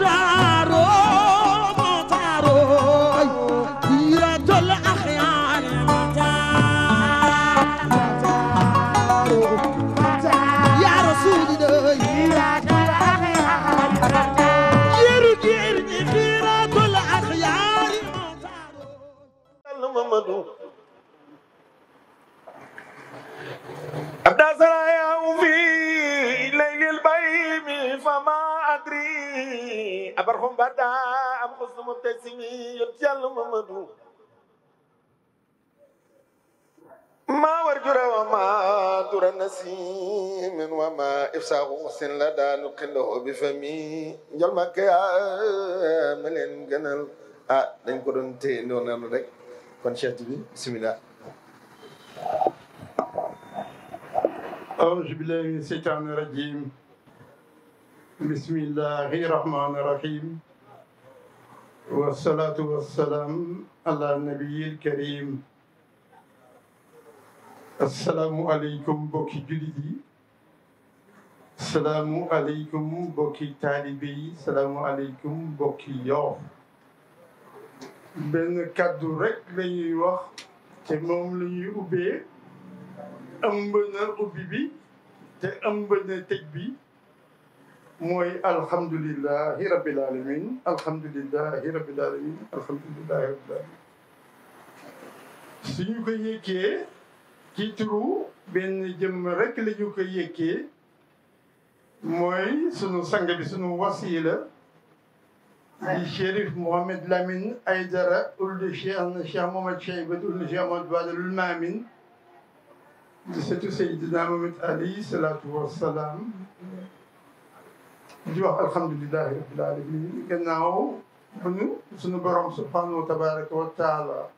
down. أبرهم بدا أم xusnu mubtasimi yont ممدو ما ورجر وما در نسيم وما إفساغ غسن لدى نقله بفمي جل ما كيا ملين جنال آه دين كرون تي نونا نرك كون شاة تبي بسم الله أعوذ بالله من الشيطان الرجيم بسم الله الرحمن الرحيم والصلاة والسلام على النبي الكريم السلام عليكم بوكي جلدي السلام عليكم بوكي طالبي السلام عليكم بوكي يوف benn kàddu rek la ñuy wax te moom la ñuy ubbee mooy alhamdulilahi rabbil alamin alhamdulilahi rabbil alamin alhamdulilahi rabbil alamin su ñu ko yëkkee ci turu benn jëmm rek la ko yëkkee mooy sunu sang bi sunu wasila di Chérif Mohamed Lamine Aydara uldu Cheikh Cheikh Mohamed Cheybat uldu Cheikh Mohamed Badalul Maamin di setu Seydina Mohamed Ali salaatu wasalaam di wax alhamdulilahi rabbil alamin gannaaw bu ñu suñu borom subhanahu wa tabaraka wa taala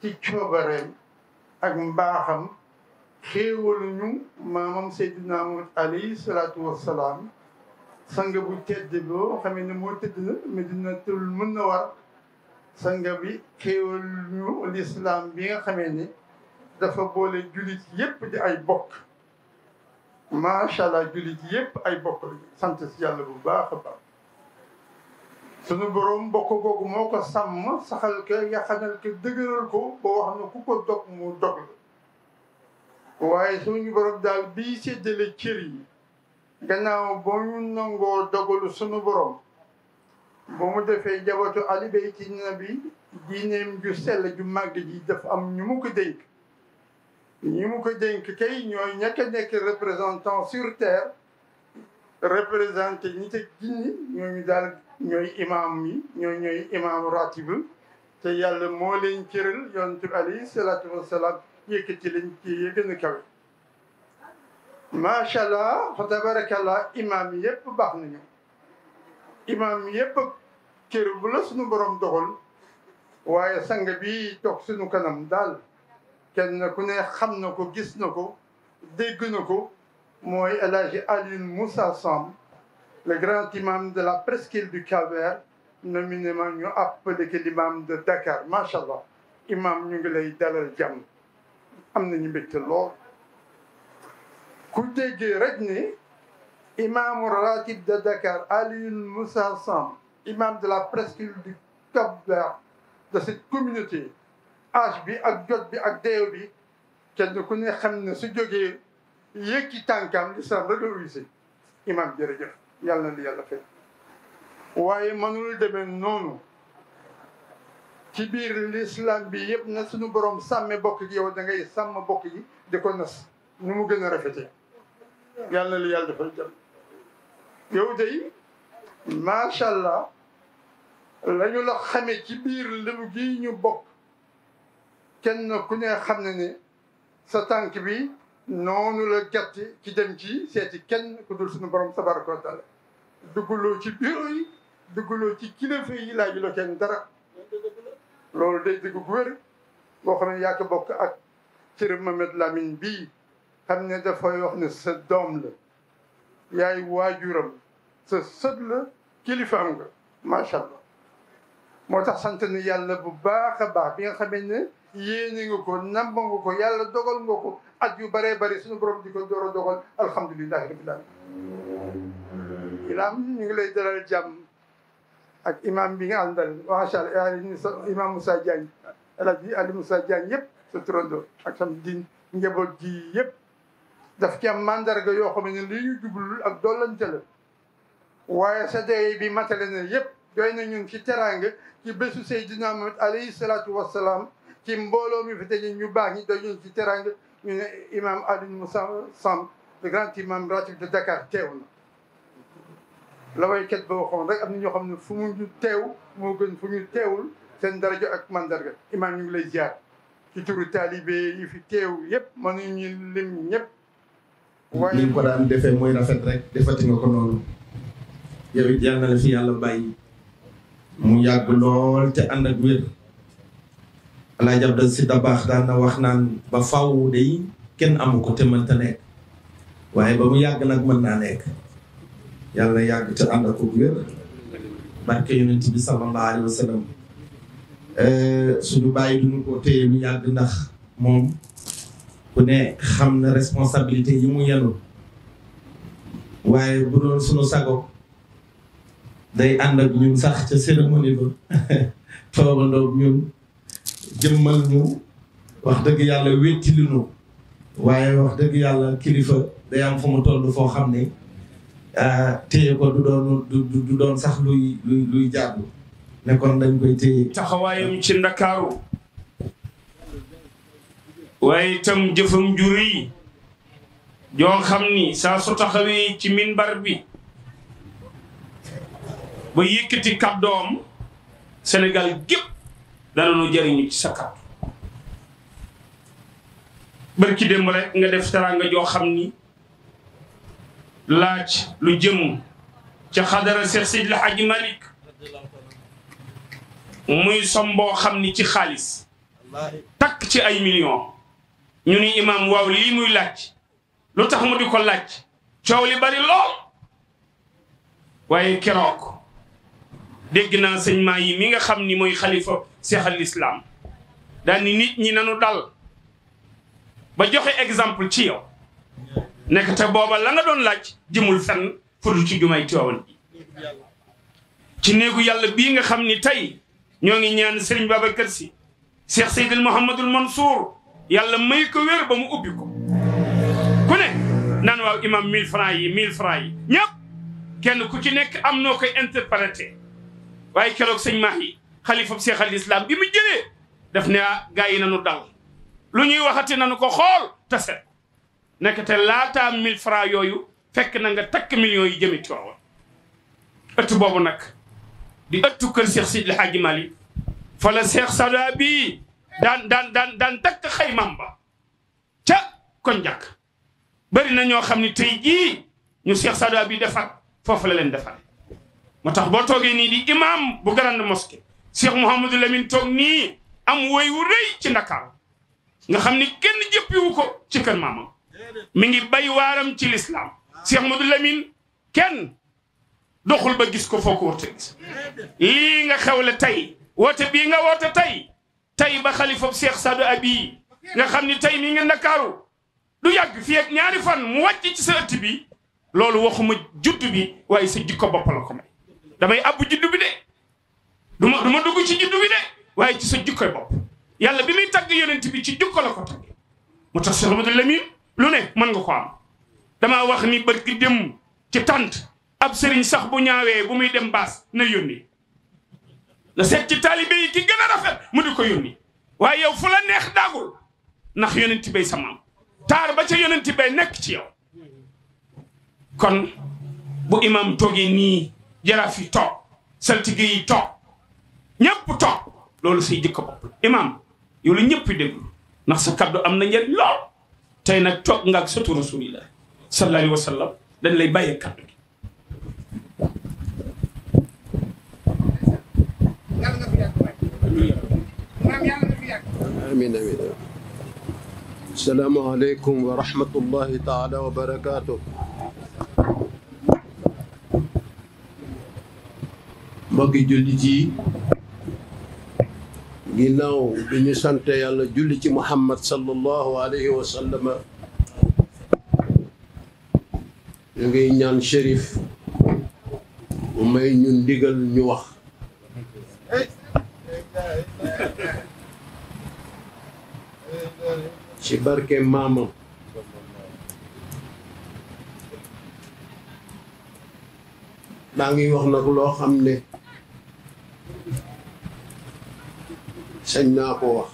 ci coobareem ak mbaaxam xéewaluñu maamam Seydina Muhammad alayhi salaatu wassalaam sanga bu tedd boo xamee ne moo tëdd na Madinatul sanga bi xéewaluñu lislaam bi nga xamee ne dafa boole jullit yépp di ay bokk macha allah jullit yépp ay bokk lañu sant si yàlla bu baax a baax sunu borom bokk googu moo ko sàmm saxal ko yaxanal ko dëgëral ko boo wax ne ku ko dog mu dog la waaye suñu borom daal bii séddale cër yi gannaaw boo ñu nangoo dogalu sunu borom ba mu defee jabatu ali bayti nabi diineem ju sell ju màgg ji daf am ñu mu ko dénk ñi mu ko dénk kay ñooy ñekk nekk représentant sur terre représenté ñi te jinni ñoy daal ñooy imam mi ñoy ñoy imam ratib te yalla mo leen cëral yonent ali salatu salaatu wasalaam yëkkati leen ci yi gën a kawe macha allah fa tabarakallah imam yi bax nañu imam yëpp cër bu la suñu borom doxal waye sang bi tok suñu kanam dal kenn ku ne xam na ko gis na ko dégg na ko mooy El Hadji Moussa sam le grand imam de la presqu'île du Cap-Vert nominément ñu appelé que l'imam de Dakar macha allah imam ñu ngi lay dalal jam am nañu mbégte lool ku déggee rek ni imam ratib de Dakar Alioune Moussa sam imam de la presqu'île du Cap-Vert de cette communauté xaas bi ak jot bi ak deew bi kenn ku ne xam ne su jógee yëkki tànkam lislaam rek imam jërëjëf yàlla na yàlla fay waaye mënul demee noonu ci biir lislaam bi yëpp na suñu borom sàmme bokk gi yow da ngay sàmm bokk gi di ko nas nu mu gën a rafetee yàlla na li yàlla dafay jàll yow day macha allah la ñu la xamee ci biir lëbu gi ñu bokk kenn ku ne xam na ne sa tànk bi noonu la gàtt ci dem ji ci seeti kenn ku dul suñu borom tabaraka wa taala duguloo ci bureau yi dugguloo ci kilifa yi la kenn dara loolu de dëgg gu wér boo xam ne yaa bokk ak cër Mamed Lamine bii xam ne dafay wax ne sa doom la yaay waajuram sa sët la kilifaam nga moo tax sant bu baax a baax bi nga xamee ne yéene nga ko namba ko yàlla dogal nga ko at yu bëree bëri suñu borom di ko door a dogal alhamdulilahi rabbil alamin imaam ñu ngi lay dalal jàmm ak imaam bi nga àndal macha allah imaam Moussa Diagne yëpp sa turando ak sam di njaboot gi yëpp daf ci am mandarga yoo xam ne li ñu jublul ak dollante la waaye sa dee bi matale na yëpp doy na ñun ci teraanga ci bésu Seydina Muhammad alayhi salaatu wassalaam ci mbooloo mi fi daje ñu baax ñu dañu ci teranga ñu ne imam Alioune Moussa Samb le grand imam ratib de Dakar teew na la waykat ba waxoon rek am na ñoo xam ne fu mu ñu teew moo gën fu ñu teewul seen daraja ak mandarga imam ñu ngi lay jaar ci turu taalibe yi fi teew yëpp mënuñu lim ñëpp waaye li ko daan defee mooy rafet rek defati nga ko noonu yow it fi yàlla bàyyi mu yàgg lool te ànd ak wér Alaaji Abdal Si Dabaax daan na wax naan ba faw day kenn amu ko te mënta nekk waaye ba mu yàgg nag mën naa nekk yàlla yàgg te ànd ak wér barke yonent bi sallallahu alayhi wa sallam eh, suñu bàyyi duñu ko téye mu yàgg ndax moom ku ne xam na responsabilité yi mu yenu waaye bu doon suñu sago day ànd ak ñun sax ca cérémonie ba toogandoog ñun jëmmal ñu wax dëgg yàlla wécci waaye wax dëgg yàlla kilifa day am mu toll foo xam ne ah, téye ko du doon du doon sax luy luy jàddu ne dañ koy téye taxawaayam ci ndakaaru waaye itam jëfam jur yi xam ni saa su taxawee ci minbar bi ba yëkkati kàddoom Sénégal gépp danañu jëriñu ci sa kàddu bërki démb nga def teraanga joo xam ni laaj lu jëm ca xadara Seex Seydi El Hadji Malick muy som xam ni ci xaalis takk ci ay million ñu ni imaam waaw lii muy laaj lu tax mu di ko laaj coow li bari lool waaye keroog dégg naa sëñ maa yi mi nga xam ni mooy xalifa seexal lislaam daal ñi nanu dal ba joxe exemple ci yow nekk te booba la nga doon laaj jëmul fenn fudul ci jumaay Tiwaawan ci néegu yàlla bii nga xam ni tey ñoo ngi ñaan Serigne Babacar Sy Cheikh Seydil Mouhamadul Mansour yàlla may ko wér ba mu ubbi ko ku ne naan waaw imam 1000 francs yi 1000 francs yi ñëpp kenn ku ci nekk am noo koy interprété waaye keroog sëñ Mahi xalifab seex al islam bi mu jëlee def ne ah, gaa yi nanu dal lu ñuy waxati nanu ko xool tase nekk laata mil mille yooyu fekk na nga takk millions yi jëmi Tiwaawan ëtt boobu nag di ëttu kër seex Sidi El Hadji Malick fa la seex sada bii daan daan daan daan takk xaymam ca kon jàkk bëri na ñoo xam ne tey ji ñu seex sada bi defar foofu la leen defar moo tax boo toogee nii di imam bu grande mosquée Cheikh mohamed Lamine tok ni am way wu reuy ci dakar nga xamni kenn jeppi wu ko ci kan mama mi ngi bay waram ci l'islam Cheikh mohamed Lamine kenn doxul ba gis ko foko wote li nga xewle tay wote bi nga wote tay tay ba khalifa Cheikh Sadou Abi nga xamni tay mi ngi dakar du yag fi ak ñaari fan mu wàcc ci sa bi lolou waxuma juttu bi waaye sa jikko bopal ko may damay abbu juddu bi de du ma du ma dugg ci juddu bi de waaye ci sa jukkoy bopp yàlla bi muy tagg yonent bi ci jukko la ko tagg mu tax Cheikh Amadou Lamine lu ne mën nga ko am dama wax ni bërki dem ci tànt ab sëriñ sax bu ñaawee bu muy dem baas na yónni la seet ci taalibe yi ki gën a rafet mu di ko yónni waaye yow fu la neex daagul ndax yonent bay sa maam taar ba ca yonent bay nekk ci yow kon bu imam toogee nii jaraaf yi toog saltige yi toog ñépp toog loolu say jikko bopp la imaam yow la ñëpp déglu ndax sa kaddu am na njëriñ lool na nag toog nga ak surtout rasulillah sallallahu alayhi wa dañ lay bàyyee kaddu taala wa barakaatu mbokki jullit yi ginnaaw bi ñu sante yàlla julli ci muhammad sallallahu alayhi wa sallam ñu ngiy ñaan shérif bu may ñu ndigal ñu wax ci barke maamam daa ngi wax nag loo xam ne سنة قوة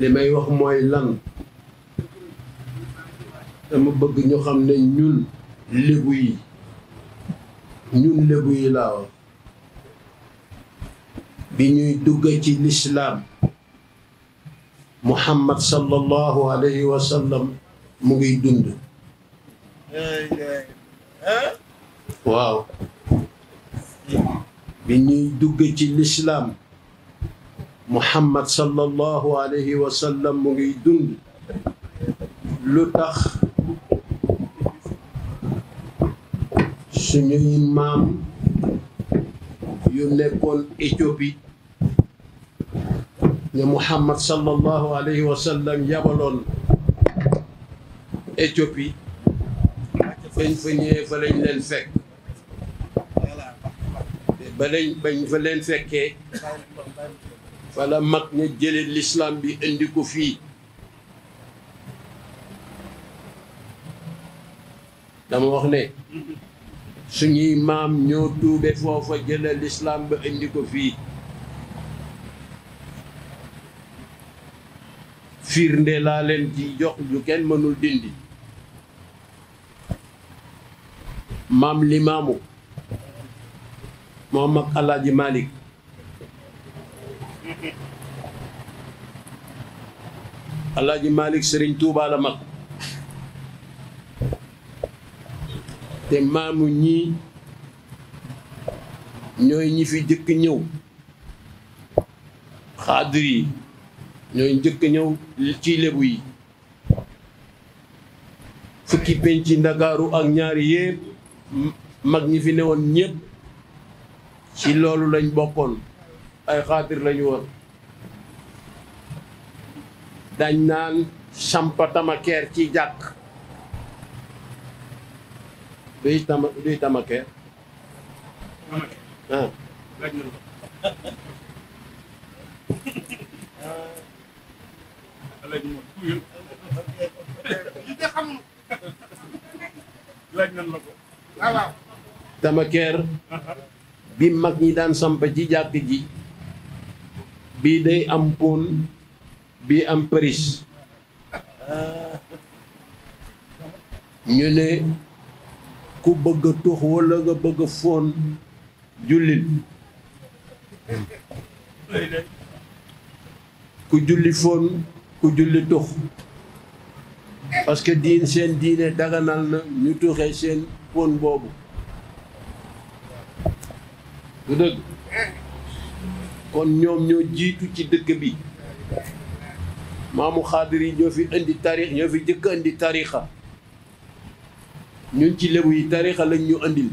لما يوخ موي لان لما بغي نيو خامني نيون ليغوي نيون ليغوي لا بي نيو دوغ تي الاسلام محمد صلى الله عليه وسلم موغي دوند اي اي ها واو بني دوجي الإسلام محمد صلى الله عليه وسلم مريدون لتخ سنوي مام يونيكون إثيوبي محمد صلى الله عليه وسلم يبلون إثيوبي فين فين فين فين ba lañ bañ fa leen fekkee wala mag ña jële lislaam bi indi ko fii dama wax ne suñuy maam ñoo tuube foofa jële lislaam ba indi fii firnde laa leen ci jox ju kenn mënul dindi maam limaamu moom ak malik Malick Alaaji Malick Sëriñ Tuubaa la mag te maamu ñii ñooy ñi fi jëkk ñëw xaadir yi ñooy njëkk ñëw ci lébu yi fukki ci ndakaaru ak ñaari yépp mag ñi fi newoon ñépp ci loolu lañ bokkoon ay xaatir lañu woon dañ naan sampa keer ci jàkk duy tama duy tamakeer tama tamakeer ah bi mag ñi daan samp ci jàkk ji bi day am pon bi am paris ñu ne ku bëgg a tux wala nga bëgg a foon ku julli foon ku julli tux parce que diin seen diine daganal na ñu tuxee seen pon boobu du dëgg kon ñoom ñoo jiitu ci dëkk bi maamu xaadir yi ñoo fi indi tarix ñoo fi jëkk indi tarixa ñun ci lébu yi tarixa lañ ñu andil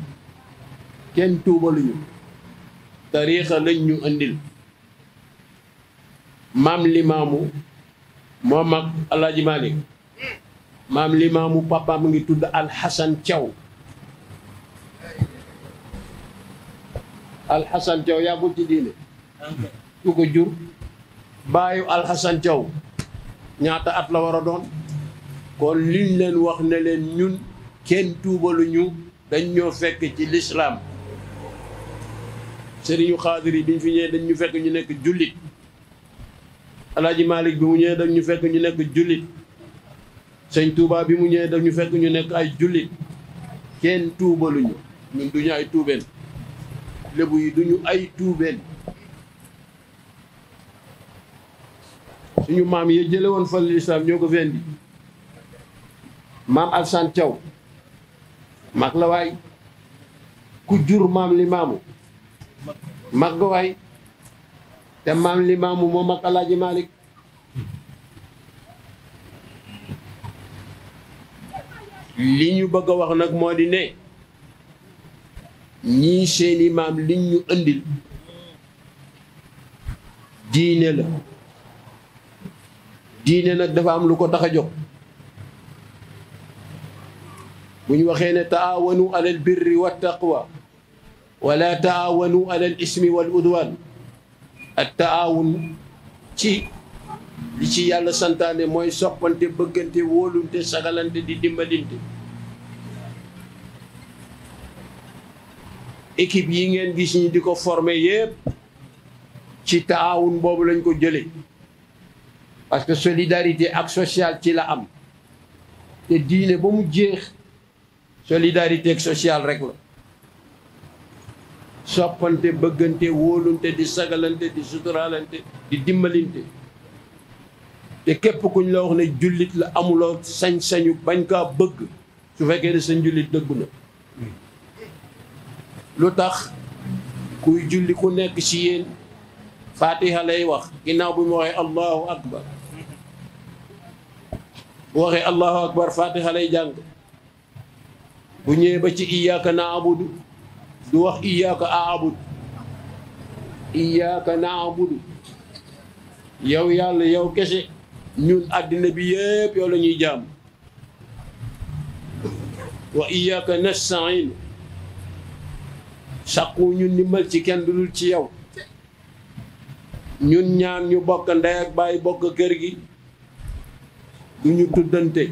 kenn tuubaluñu tarixa lañ ñu andil maam limaamu moom ak alaaji Maalik maam limaamu papaam ngi tudd alxasan caw alxasan Thiaw yaa ko ci diine ku ko jur baayu alxasan Thiaw ñaata at la war a doon kon liñ leen wax ne leen ñun kenn tuubaluñu dañ ñoo fekk ci lislaam sëriñu xaadir yi biñ fi ñëwee dañ ñu fekk ñu nekk jullit alaaji malik bi mu ñëwee ñu fekk ñu nekk jullit sëñ Touba bi mu ñëwee dañ ñu fekk ñu nekk ay jullit kenn tuubaluñu ñun duñu ay tuubeen lébu yi duñu ay tuubeen suñu maam yi jële woon fa lislaam ñoo ko fendi maam Alsan Thiaw mag la waay ku jur maam li maamu mag ga waay te maam li maamu moo mag Alaaji Malik li ñu bëgg a wax nag moo di ne ni seen imam liñ ñu andil diine la diine nag dafa am lu ko tax a jóg bu ñu waxee ne taawanu alal birri wa taqwa wala taawanu alal ismi wal udwan ak taawun ci li ci yàlla santaane mooy soppante bëggante wóolunte sagalante di dimbalinte équipe yi ngeen gis ñi di ko forme yëpp ci taawun boobu lañ ko jëlee parce que solidarité ak sociale ci la am te diine ba mu jeex solidarité ak sociale rek la soppante bëggante wóolunte di sagalante di suturaalante di dimbalinte te képp kuñ la wax ne jullit la amuloo sañ-sañu bañ kaa bëgg su fekkee ne sa njullit dëggu na lu tax kuy julli ku nekk ci yéen fatiha lay wax ginnaaw bi mu waxee allahu akbar bu waxee allahu akbar fatiha lay jàng bu ñëwee ba ci iyyaka na'budu du wax iyyaka a'budu iyyaka na'budu yow yàlla yow kese ñun àddina bi yëpp yow la ñuy jaam wa iyyaka nasta'in sàqu ñu ndimbal ci kenn du dul ci yow ñun ñaan ñu bokk ndey ak bàyyi bokk kër gi du ñu tuddante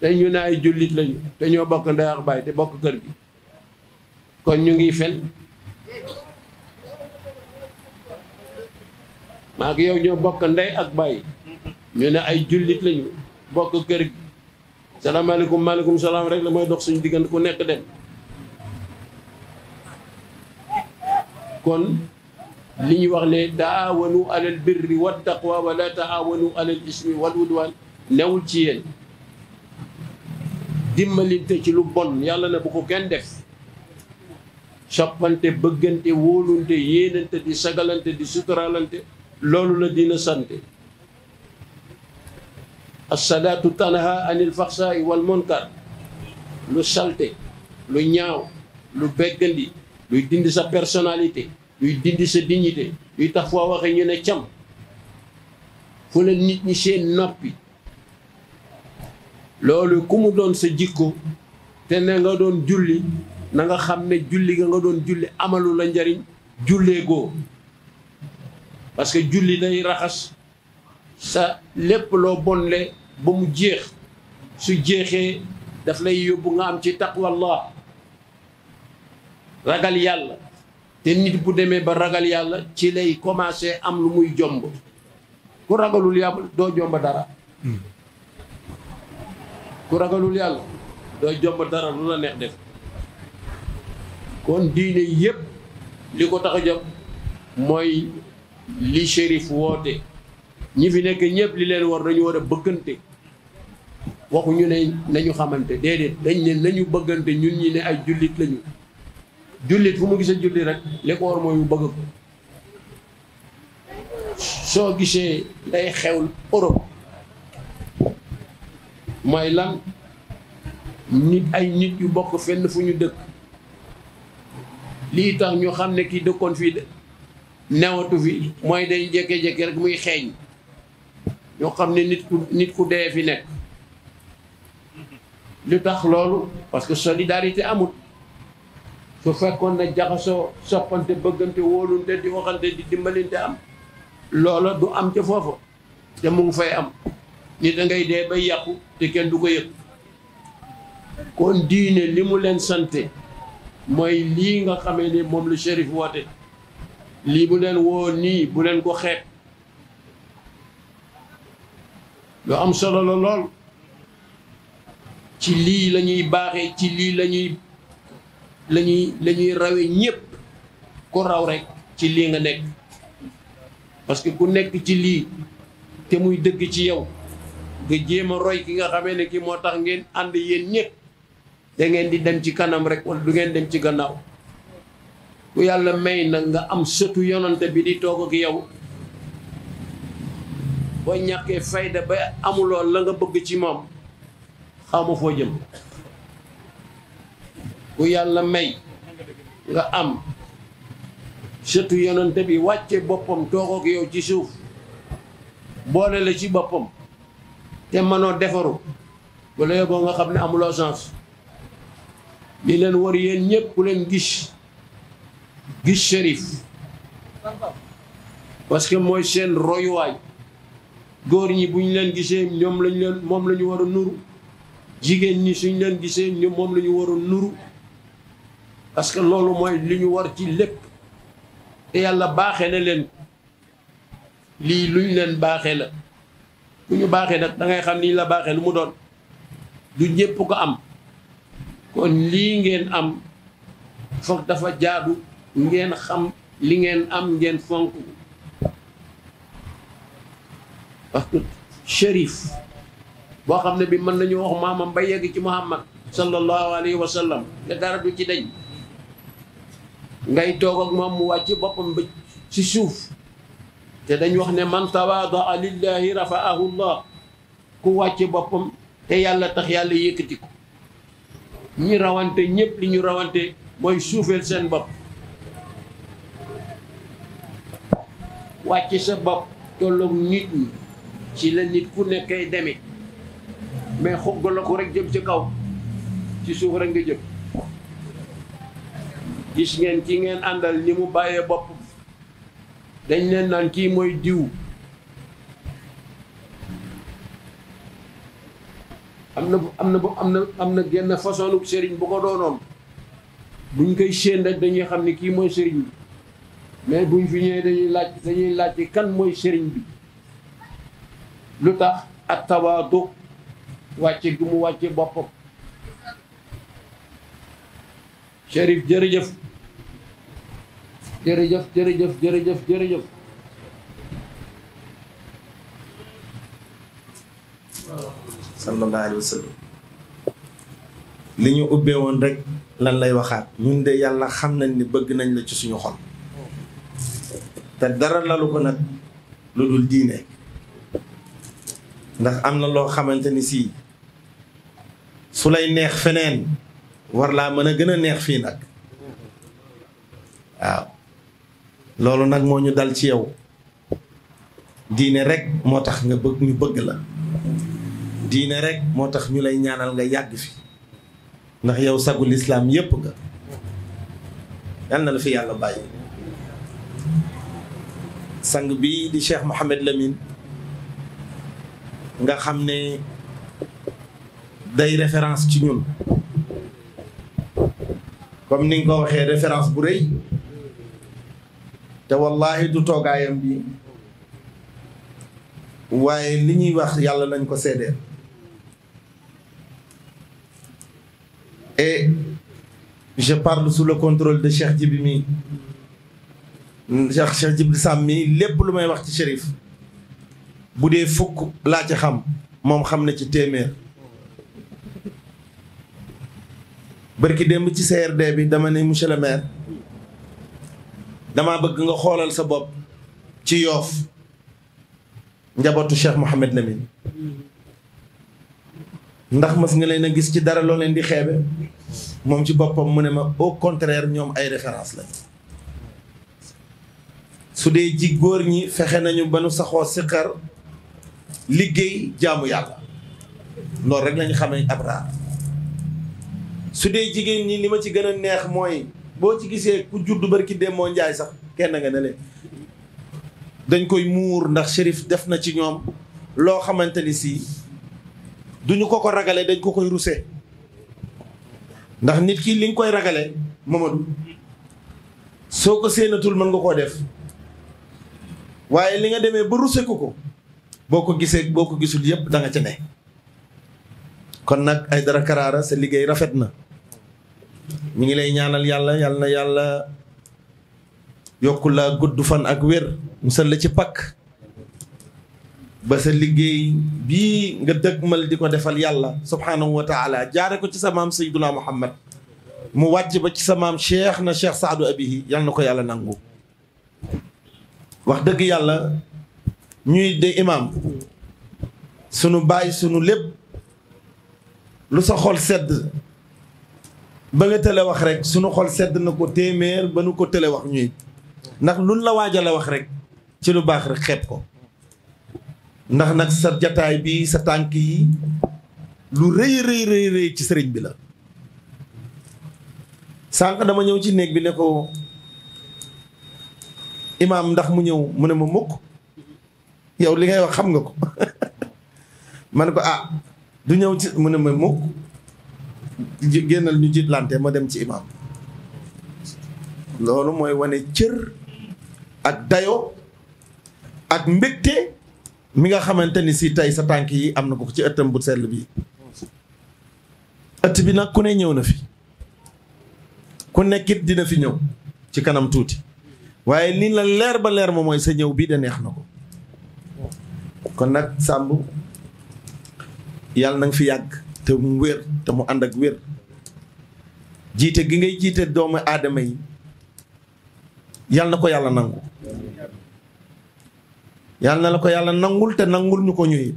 te ñu ne ay jullit lañu te ñoo bokk ndey ak bàyyi te bokk kër gi kon ñu ngi fen maa ngi yow ñoo bokk ndey ak bàyyi ñu ne ay jullit lañu bokk kër gi salaamaaleykum maaleykum salaam rek la mooy dox suñu diggante ku nekk dem kon li ñuy wax ne taawanu alal birri wa taqwa wala taawanu alal ismi wal udwan newul ci yéen dimbalinte ci lu bon yàlla na bu ko kenn def soppante bëggante wóolunte yéenante di sagalante di suturaalante loolu la dina sante assalaatu tanha anil faxsaay wal munkar lu salte lu ñaaw lu beggandi dit de sa personnalité dit de sa dignité il tax fait un ñu ne le fu nit ñi seen noppi loolu ku mu doon sa jikko te ne nga doon julli na nga xam julli nga doon julli amalu la parce que julli day raxas sa lépp loo bonle ba mu jeex su jeexee daf lay yóbbu nga am ci ragal yalla té nit bu démé ba ragal yalla ci lay commencé am lu muy jomb ku ragalul yalla do jomb dara ku ragalul yalla do jomb dara lu la neex def kon diiné yépp li taxa jom moy li shérif woote ñi fi nek ñepp li leen war dañu wara a waxu ñu ne nañu xamanté dédé dañ ne nañu bëggante ñun ñi ne ay jullit lañu jullit fu mu gisee julli rek li ko war mooy mu bëgg soo gisee day xewul Europe mooy lan nit ay nit yu bokk fenn fu ñu dëkk lii tax ñu xam ne kii dëkkoon fii newatu fi mooy day jékki-jékki rek muy xeeñ ñoo xam ne nit ku nit ku dee fi nekk lu tax loolu parce que solidarité amul su fekkoon na jaxasoo soppante bëggante wóolunte di waxante di dimbalinte am loola du am ca foofa te mu fay am ni dangay ngay dee bay yàqu te kenn du ko yëg kon diine li mu leen sante mooy lii nga xamee ne moom lu shérif woote lii mu leen woo nii bu leen ko xeet lu am solo la lool ci lii lañuy ñuy baaxee ci lii lañuy lañuy ñuy la rawee ñëpp ku raw rek ci lii nga nekk parce que ku nekk ci lii te muy dëgg ci yow nga jéem a roy ki nga xamee ne ki moo tax ngeen ànd yéen ñëpp da ngeen di dem ci kanam rek wala du ngeen dem ci gannaaw ku yàlla may na nga am sëtu yonante bi di toog ak yow boo ñàkkee fayda ba amuloo la nga bëgg ci moom xamu foo jëm ku yàlla may nga am sëtu yonent bi wàcce boppam toog ak yow ci suuf boole la ci boppam te mënoo defaru ba la nga xam ne amuloo sens li leen war yéen ñëpp ku leen gis gis shérif parce que mooy seen royuwaay góor ñi bu ñu leen gisee ñoom lañu leen moom la ñu war a nuru jigéen ñi suñ leen gisee ñoom moom lañu ñu war a nuru parce que loolu mooy li ñu war ci lépp te yàlla baaxee na leen lii luñ leen baaxee la ku ñu baaxee nag dangay xam ni la baaxee lu mu doon du ñépp ko am kon lii ngeen am foog dafa jaadu ngeen xam li ngeen am ngeen fonk parce que shérif boo xam ne bi mën nañu wax maamam ba yegg ci muhammad sallallahu alayhi wa sallam te dara ci dañ ngay toog ak moom mu wàcc boppam ba ci suuf te dañ wax ne man tawaadaa lillahi rafaahu llah ku wàcc boppam te yàlla tax yàlla yëkkati ko ñi rawante ñëpp li ñu rawante mooy suufeel seen bopp wàcc sa bopp tolloog nit ñi ci la nit ku nekkay demee mais xogga la ko rekk jëm ci kaw ci suuf rek nga jëm gis ngeen ki ngeen àndal ni mu bàyyee bopp dañ leen naan kii mooy diw am na bu am na am na am na genn façon sëriñ bu ko doonoon buñ koy séen rek dañuy xam ni kii mooy sëriñ bi mais buñ fi ñëwee dañuy laaj dañuy laaj kan mooy sëriñ bi lu tax ak tawaadu wàcce gi mu wàcce boppam Chérif jërëjëf jërëjëf jërëjëf jërëjëf jërëjëf sallallahu alayhi wa sallam li ñu ubbee woon rek lan lay waxaat ñun de yàlla xam nañ ni bëgg nañ la ci suñu xol te dara lalu ko lu dul diine ndax am na loo xamante ni sii su lay neex feneen war laa mën a gën a neex fii nag waaw loolu nag moo ñu dal ci yow diine rek moo tax nga bëgg ñu bëgg la diine rek moo tax ñu lay ñaanal nga yàgg fi ndax yow sagu lislaam yépp nga yal na la fi yàlla bàyyi sang bi di Cheikh Mouhamed lamin nga xam ne day référence ci ñun comme ni nga ko waxee référence bu rëy te wallahi du toogaayam bi waaye li ñuy wax yàlla lañ ko seedeel et je parle sous le contrôle de Cheikh Djibi mi Cheikh Cheikh Djibi Sam mi lépp lu may wax ci Chérif bu dee fukk laa ci xam moom xam na ci téeméer bërki démb ci CRD bi dama ne monsieur le maire damaa bëgg nga xoolal sa bopp ci yoof njabootu Cheikh Mouhamed Lamine ndax mas nga leen a gis ci dara loo leen di xeebe moom ci boppam mu ne ma au contraire ñoom ay référence la su dee ji góor ñi fexe nañu ba nu saxoo siqar liggéey jàmmu yàlla loolu rek lañu xamee ab raar su dee jigéen ñi li ma ci gën a neex mooy boo ci gisee ku juddu barki dem moo njaay sax kenn nga ne leen dañ koy muur ndax shérif def na ci ñoom loo xamante ni si duñu ko ko ragale dañ ko koy ruse ndax nit kii li nga koy ragale Mamadou soo ko séenatul mën nga koo def waaye li nga demee ba ruseku ko boo ko gisee boo ko gisul yëpp da nga ca ne kon nag ay dara karaara sa liggéey rafet na ñu ngi lay ñaanal yàlla yàlla yàlla yokku la gudd fan ak wér musal la ci pakk ba sa liggéey bii nga dëgg mal di ko defal yàlla subhaanahu wa taala jaare ko ci sa maam sayduna muhammad mu wàcc ba ci sa maam cheikh na cheikh saadu abihi yàlla na ko yàlla nangu wax dëgg yàlla ñuy de imaam sunu bàyyi sunu lépp lu sa xol sedd ba nga tële wax rek suñu xol sedd na ko téeméer ba nu ko tële wax ñuy ndax luñ la waajale wax rek ci lu baax rek xeeb ko ndax nag sa jataay bi sa tànk yi lu rëy rëy rëy ci sëriñ bi la sànq dama ñëw ci néeg bi ne ko imam ndax mu ñëw mu ne ma mukk yow li ngay wax xam nga ko man ko ah du ñëw ci mu ne ma mukk génnal ñu jiitlante ma dem ci imaam loolu mooy wane cër ak dayo ak mbégte mi nga xamante ni si tey sa tànk yi am na ko ci ëttam bu sell bi ëtt bi nag ku ne ñëw na fi ku nekkit dina fi ñëw ci kanam tuuti waaye li la leer ba leer ma mooy sa ñëw bii de neex na ko kon nag sàmb yàlla nag fi yàgg te mu wér te mu ànd ak wér jiite gi ngay jiite doomu aadama yi yal na ko yàlla nangu yal na la ko yàlla nangul te nangul ñu ko ñuy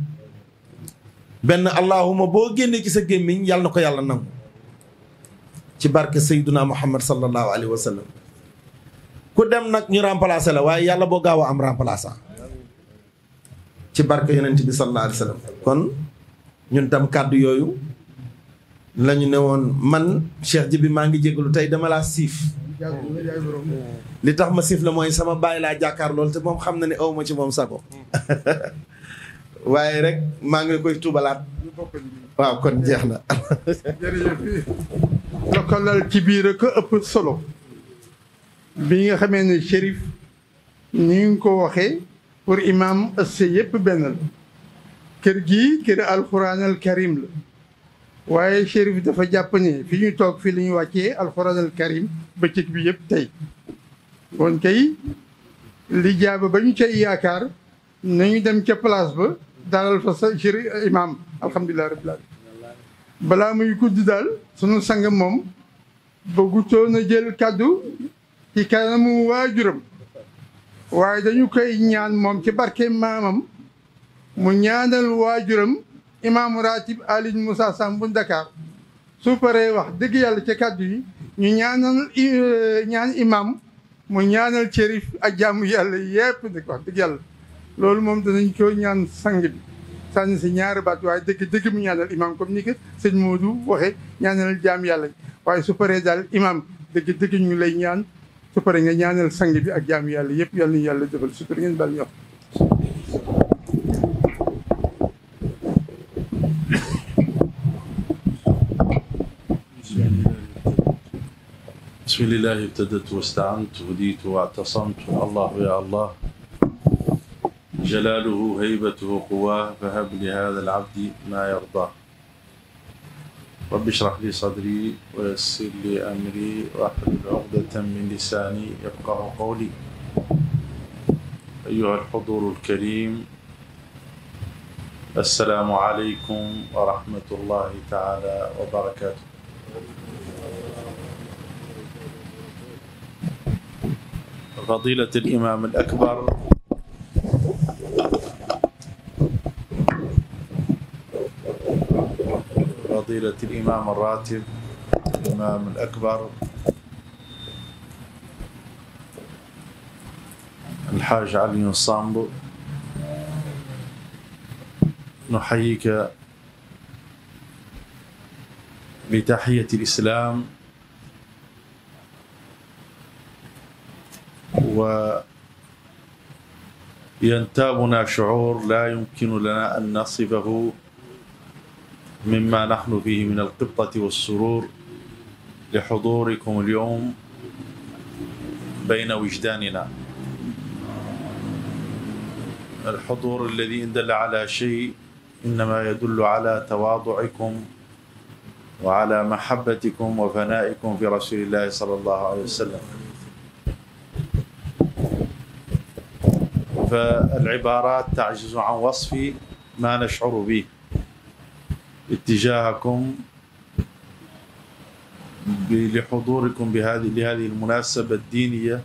benn allahuma boo génnee ci sa gémmiñ yal na ko yàlla nangu ci barke sayduna muhammad sallallahu alayhi wa sallam ku dem nag ñu remplacé la waaye yàlla boo gaaw a am remplaçant ci barke yonent bi sallallahu alayhi wa sallam kon ñun tam kàddu yooyu lañu ne woon man Cheikh Jibi maa ngi jégalu tey dama laa siif li tax ma siif la mooy sama baay laa jàkkaar lool te moom xam na ne awma ci moom sago waaye rek maa ngi koy tuubalaat waaw kon jeex na jërëjëf jokkalal ci biir ko ëpp solo bi nga xamee ne shérif ni nga ko waxee pour imam ësse yépp benn la kër gii kër alxuraanal karim la waaye shérif dafa jàpp ne fi ñu toog fii la ñu wàccee alxuraanal karim bëccëg bi yëpp tey kon kay li jaaba ba ñu cay yaakaar nañu dem ca place ba dalal fa sa shérif imam alhamdulilah rabbil balaa muy gudd daal sunu sang moom bëggutoon a jël kàddu ci kanamu waajuram waaye dañu koy ñaan moom ci barke maamam mu ñaanal waajuram imaamu ratib Alioune Moussa Samb bu Dakar su paree wax dëgg yàlla ca kàddu yi ñu ñaanal euh, ñaan imaam mu ñaanal cërif ak jaamu yàlla yépp nag wax dëgg yàlla loolu moom danañ ko ñaan sang san si ñaari baat waaye dëgg dëgg mu ñaanal imaam comme ni ko sëñ Modou waxee ñaanal jaam yàlla waaye su paree daal imaam dëgg dëgg ñu lay ñaan su paree nga ñaanal sang bi ak jaam yàlla yépp yàlla nañu yàlla defal sutura ngeen bal ñu wax بسم الله ابتدت واستعنت هديت واعتصمت الله يا الله جلاله هيبته قواه فهب لهذا العبد ما يرضاه رب اشرح لي صدري ويسر لي امري واحلل عقدة من لساني يبقى قولي ايها الحضور الكريم السلام عليكم ورحمة الله تعالى وبركاته فضيلة الإمام الأكبر فضيلة الإمام الراتب الإمام الأكبر الحاج علي الصامبو نحييك بتحية الإسلام وينتابنا شعور لا يمكن لنا أن نصفه مما نحن فيه من القبطة والسرور لحضوركم اليوم بين وجداننا الحضور الذي إن دل على شيء إنما يدل على تواضعكم وعلى محبتكم وفنائكم في رسول الله صلى الله عليه وسلم فالعبارات تعجز عن وصف ما نشعر به اتجاهكم لحضوركم بهذه لهذه المناسبة الدينية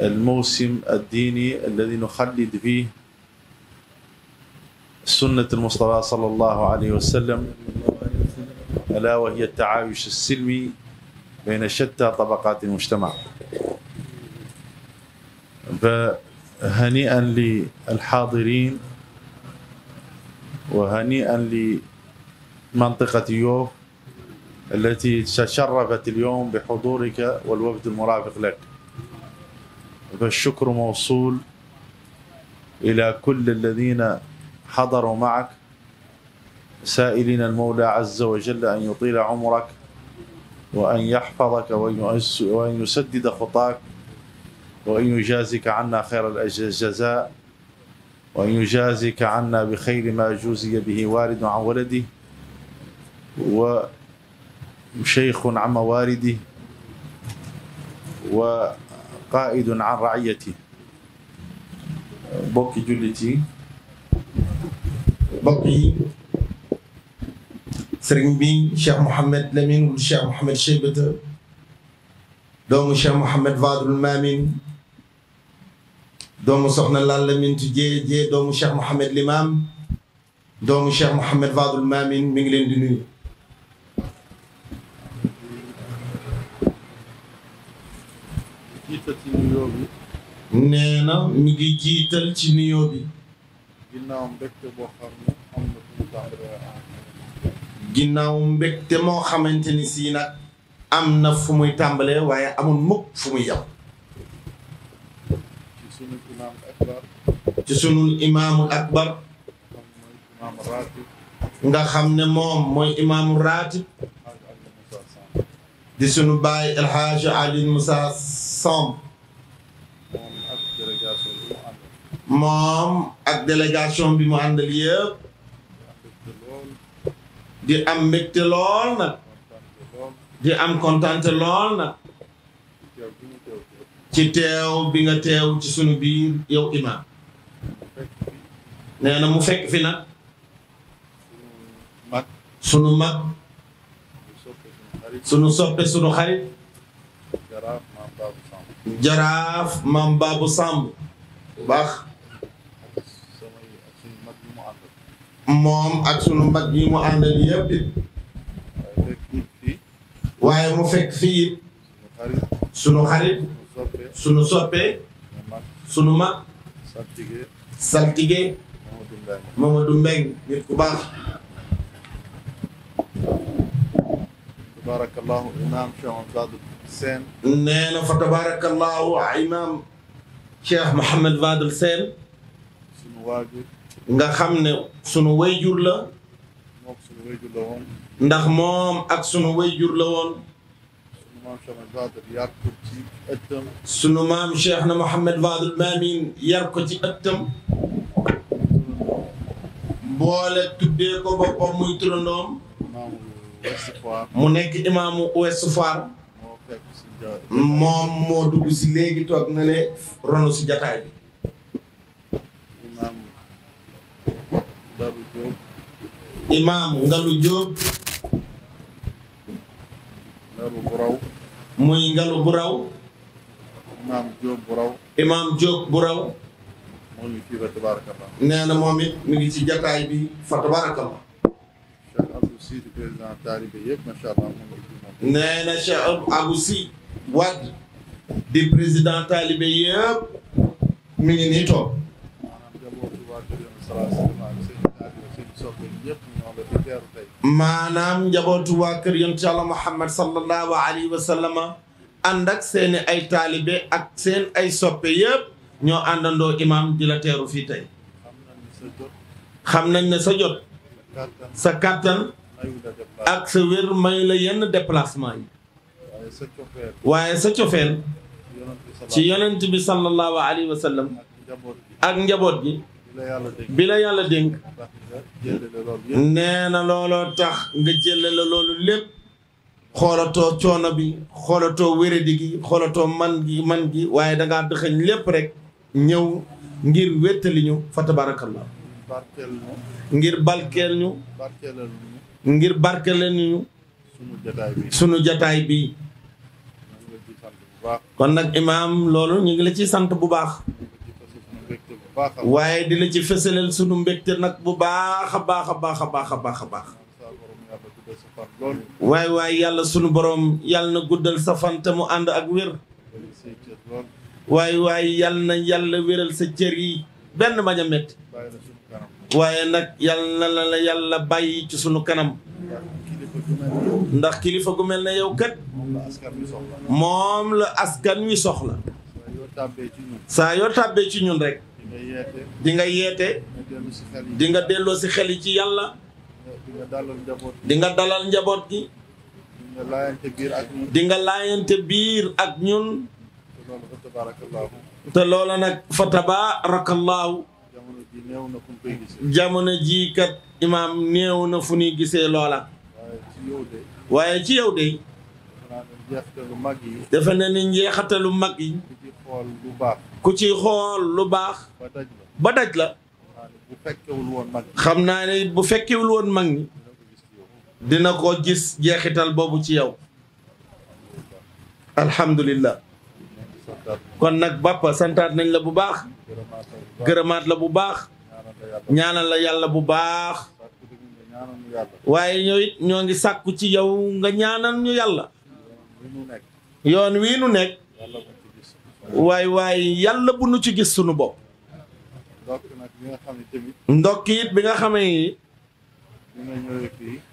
الموسم الديني الذي نخلد فيه سنة المصطفى صلى الله عليه وسلم ألا وهي التعايش السلمي بين شتى طبقات المجتمع ف هنيئا للحاضرين وهنيئا لمنطقة يوف التي تشرفت اليوم بحضورك والوفد المرافق لك فالشكر موصول إلى كل الذين حضروا معك سائلين المولى عز وجل أن يطيل عمرك وأن يحفظك وأن يسدد خطاك وان يجازيك عنا خير الجزاء وان يجازيك عنا بخير ما جوزي به والد عن ولده وشيخ عن موارده وقائد عن رعيته بوكي جولتي بوكي سرين شيخ محمد لمين والشيخ محمد شيبته دوم الشيخ محمد فاضل المامين doomu soxna Lalla Mintu Jee Jee doomu Cheikh Mouhamed Limam doomu Cheikh Mouhamed Vadul Mamin mi ngi leen di nuyu jiital ci nuyoo bi nee na mi ngi jiital ci nuyoo bi ginnaaw mbégte boo xam ne moo xamante ni sii nag am na fu muy tàmbalee waaye amul mukk fu muy yem sunu imaamu ci sunu imaamu akbar nga xam ne moom mooy imaamu raatib di sunu baay El Hadj Alioune Moussa Samb moom ak délégation bi mu àndal yëpp di am mbégte lool nag di am kontaante lool nag ci teew bi nga teew ci sunu biir yow imaam nee na mu fekk fi nag sunu mag sunu soppe sunu xarit jaraaf maam baabu sàmb baax moom ak sunu mag yi mu àndal yépp waaye mu fekk fii سنو خريب سنو صوبي سنو ما سالتيغي مامو دومبين نيت كوباخ تبارك الله امام شيخ محمد حسين نينا فتبارك الله امام شيخ محمد فاد الحسين سنو واجب nga xamne sunu wayjur la ndax mom ak sunu wayjur la won سنو مام شيخنا محمد بعض المامين يركوتي أتم بولة تبديكو بابا ميترنوم مونيك إمام ويسفار مام مودو بسيليكي توك نلي رونو سجاتاي إمام غالو جوب mu Ngalu bu raw. imaam Diop bu raw. imaam Diop bu raw. ngi fii ba tabarakallah. nee na moom it mi ngi ci jataay bi fa tabarakallah. Cheikh président taalibe yëpp macha allah moom ngi fi moom. nee di président taalibe yëpp ngi nii maanaam njabootu waa kër yonent yàlla Muhammad sallallahu alayhi wa sallam ànd ak seeni ay taalibe ak seen ay soppe yépp ñoo àndandoo imaam di la tey xam nañ ne sa jot sa kàttan ak sa wér may la yenn déplacement yi waaye sa cofeel ci yonent bi sallallahu alayhi ak njaboot bi bi la yàlla dénk nee na looloo tax nga la loolu lépp xoolatoo coono bi xoolatoo wéradi gi xoolatoo man gi man gi waaye danga dëxëñ lépp rek ñëw ngir wéttali fa tabarakallah ngir barkeel ñu ngir barkeelal ñu sunu jataay bi kon nag imaam loolu ñu ngi la ci sant bu baax waaye di la ci fësalel sunu mbégte nag bu baax a baax a baax a baax a baax a baax waay waay yàlla sunu borom yàlla na guddal sa fan mu ànd ak wér waaye waay yàlla na yàlla wéral sa cër yi benn bañ a waaye nag yàlla na la yàlla bàyyi ci sunu kanam ndax kilifa gu mel na yow kat moom la askan wi soxla saa yoo tàbbee ci ñun rek di nga yeete di nga delloo ci xel ci yalla di nga dalal njabot gi di nga layante bir ak ñun te lola nak fa tabaarakallaahu jamono ji kat imam néew na fu ni gisee lola waye ci yow de defa na ni mag yi. ku ci xool lu baax ba daj la xam naa ne bu fekkewul woon mag ñi dina ko gis jeexital boobu ci yow alhamdulillah kon nag bàppa santaat nañ la bu baax gërëmaat la bu baax ñaanal la yàlla bu baax waaye ñoo ñoo ngi sàkku ci yow nga ñaanal ñu yàlla yoon wii nekk waay waaye yàlla bu nu ci gis sunu bopp. ndokk it bi nga xamee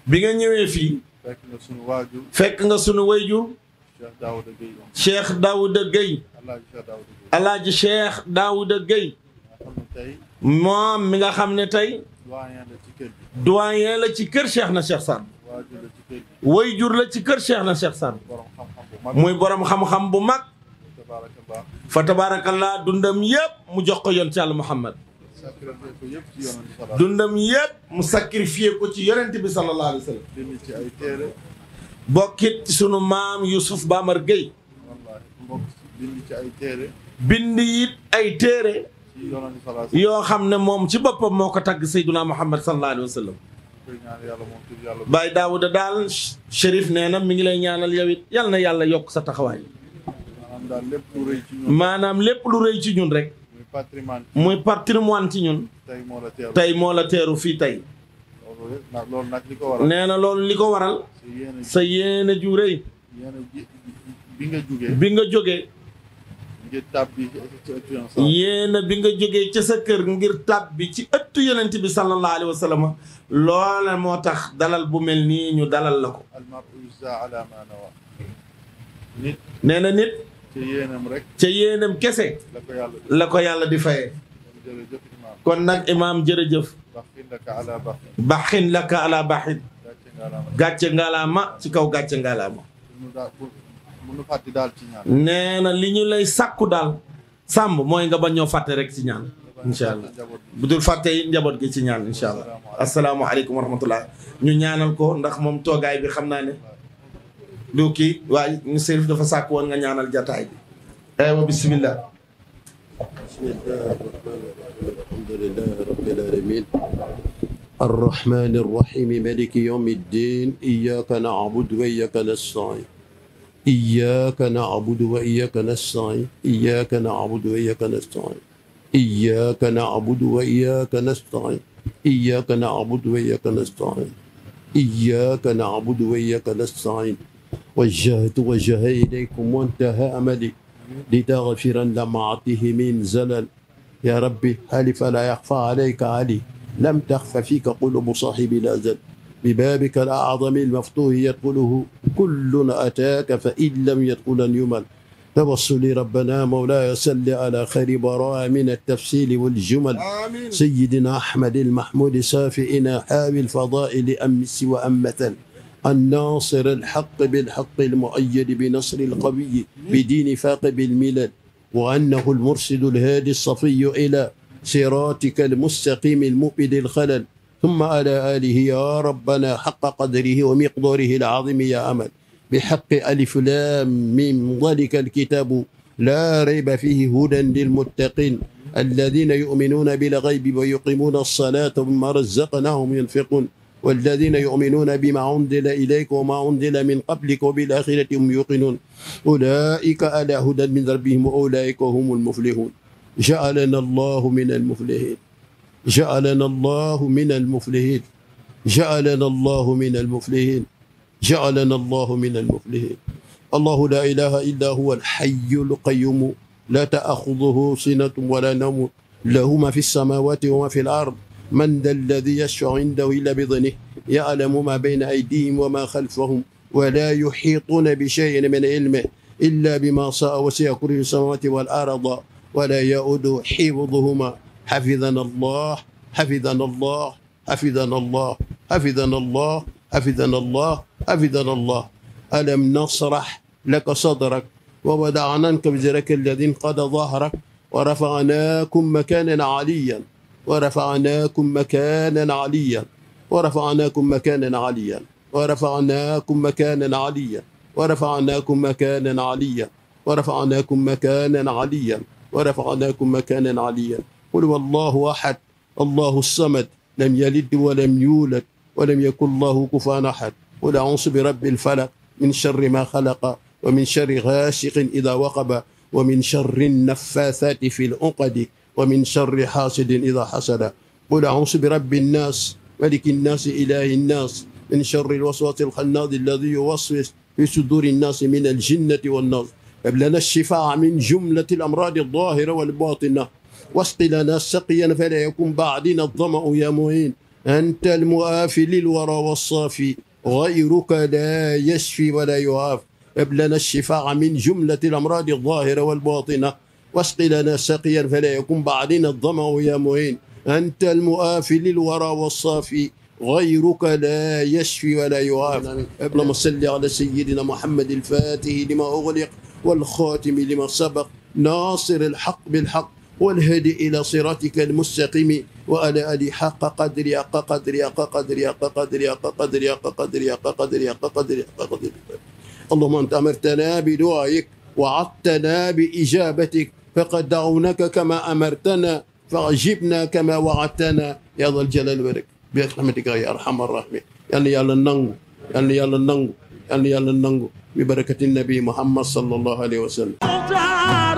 bi nga ñëwee fii. fekk nga sunu waajur. fekk nga sunu waajur. Cheikh Daouda Gueye. Cheikh Daouda Cheikh Daouda Gueye. moom mi nga xam ne tey. doyen la ci kër gi. la ci kër Cheikh na Cheikh Sadbou. waajur la ci kër la ci kër Cheikh na Cheikh Sadbou. muy borom xam-xam bu mag. fa tabarakallah dundam yëpp mu jox ko yoon ci yàlla Muhammad dundam yëpp mu sacrifié ko ci yonent bi sallallahu wa sallam bokkit sunu maam Youssouf Bamar Gueye mbokk bind ci ay téere yoo xam ne moom ci boppam moo ko tagg Seyduna Muhammad sallallahu alayhi wa sallam Baye Daouda daal Chérif nee na mi ngi lay ñaanal yow it yal na yàlla yokk sa taxawaay maanaam daal lépp lu rëy ci ñun. maanaam lépp lu rëy ci rek. muy patrimoine. muy patrimoine ci ñun. tey moo la teeru tey moo teeru fii tey. loolu nag li ko waral. nee na loolu li ko waral. sa yéene ju rëy. bi nga jógee bi nga jógee. ngir tàbbi ci bi nga jógee ca sa kër ngir tàbbi ci ëttu yonent bi sallallahu alayhi wa sallam loola moo tax dalal bu mel nii ñu dalal la ko. nee nit. ca yéenam rek. ca kese. la ko yàlla di fayee. kon nag imaam jërëjëf. baxin laka ala baxin. baxin laka ala baxin. gàcce ngalaama ci kaw gàcce ngalaama. nee na li ñu lay sàkku daal. sàmb mooy nga ba ñoo fàtte rek ci ñaan. incha allah bu dul fàtte yi njaboot gi ci ñaan incha allah. asalaamualeykum wa rahmatullah ñu ñaanal ko ndax moom toogaay bi xam naa ne. du kii waaye ñu Serif dafa sàkk woon nga ñaanal jataay bi aywa bismillah الحمد لله رب العالمين الرحمن الرحيم مالك يوم الدين إياك نعبد وإياك نستعين إياك نعبد وإياك نستعين إياك نعبد وإياك نستعين إياك نعبد وإياك نستعين إياك نعبد وإياك نستعين إياك نعبد وإياك نستعين وجهت وجهي إليكم وانتهى أملي لتغفرا لما أعطيه من زلل يا ربي حلف لا يخفى عليك علي لم تخفى فيك قلوب صاحب الأزل ببابك الأعظم المفتوح يدخله كل أتاك فإن لم يدخل يمل توصلي ربنا مولاي صل على خير براء من التفصيل والجمل آمين. سيدنا أحمد المحمود سافئنا حامل الفضائل أمس مثل الناصر الحق بالحق المؤيد بنصر القوي بدين فاقب الملل وأنه المرشد الهادي الصفي إلى صراطك المستقيم المبد الخلل ثم على آله يا ربنا حق قدره ومقداره العظيم يا أمل بحق ألف لام من ذلك الكتاب لا ريب فيه هدى للمتقين الذين يؤمنون بالغيب ويقيمون الصلاة مما رزقناهم ينفقون والذين يؤمنون بما أنزل إليك وما أنزل من قبلك وبالآخرة هم يوقنون أولئك على هدى من ربهم وأولئك هم المفلحون جعلنا الله من المفلحين جعلنا الله من المفلحين جعلنا الله من المفلحين جعلنا الله من المفلحين الله لا إله إلا هو الحي القيوم لا تأخذه سنة ولا نوم له ما في السماوات وما في الأرض من ذا الذي يشفع عنده إلا بإذنه يعلم ما بين أيديهم وما خلفهم ولا يحيطون بشيء من علمه إلا بما شاء وسع كل السماوات والأرض ولا يؤد حفظهما حفظنا الله حفظنا الله حفظنا الله حفظنا الله حفظنا الله حفظنا الله ألم نصرح لك صدرك ووضعنا عنك بزرك الذي قد ظهرك ورفعناكم مكانا عليا ورفعناكم مكانا عليا ورفعناكم مكانا عليا ورفعناكم مكانا عليا ورفعناكم مكانا عليا ورفعناكم مكانا عليا ورفعناكم مكانا عليا قل والله احد الله الصمد لم يلد ولم يولد ولم يكن الله كفوا احد قل اعوذ برب الفلق من شر ما خلق ومن شر غاشق اذا وقب ومن شر النفاثات في العقد ومن شر حاسد إذا حسد قل أعوذ برب الناس ملك الناس إله الناس من شر الوسواس الخناد الذي يوسوس في صدور الناس من الجنة والنار اب لنا الشفاء من جملة الأمراض الظاهرة والباطنة واسق لنا سقيا فلا يكون بعدنا الظمأ يا معين أنت المؤافي للورى والصافي غيرك لا يشفي ولا يعاف اب لنا الشفاء من جملة الأمراض الظاهرة والباطنة واسق لنا سقيا فلا يكن بعدنا الظما يا معين أنت المؤافي للورى والصافي غيرك لا يشفي ولا يعافي اللهم صل على سيدنا محمد الفاتح لما أغلق والخاتم لما سبق ناصر الحق بالحق والهدي إلى صراطك المستقيم وعلى آله حق قدر حق قدر حق قدر حق قدر حق قدر حق قدر حق قدر حق قدر حق قدر اللهم أنت أمرتنا بدعائك وعدتنا بإجابتك فقدرناك كما أمرتنا فأجبنا كما وعدتنا يا ذا الجلال والإكرام برحمتك يا أرحم الراحمين يعني يا للنغو يعني يا للنغو يعني يا للنغو ببركة النبي محمد صلى الله عليه وسلم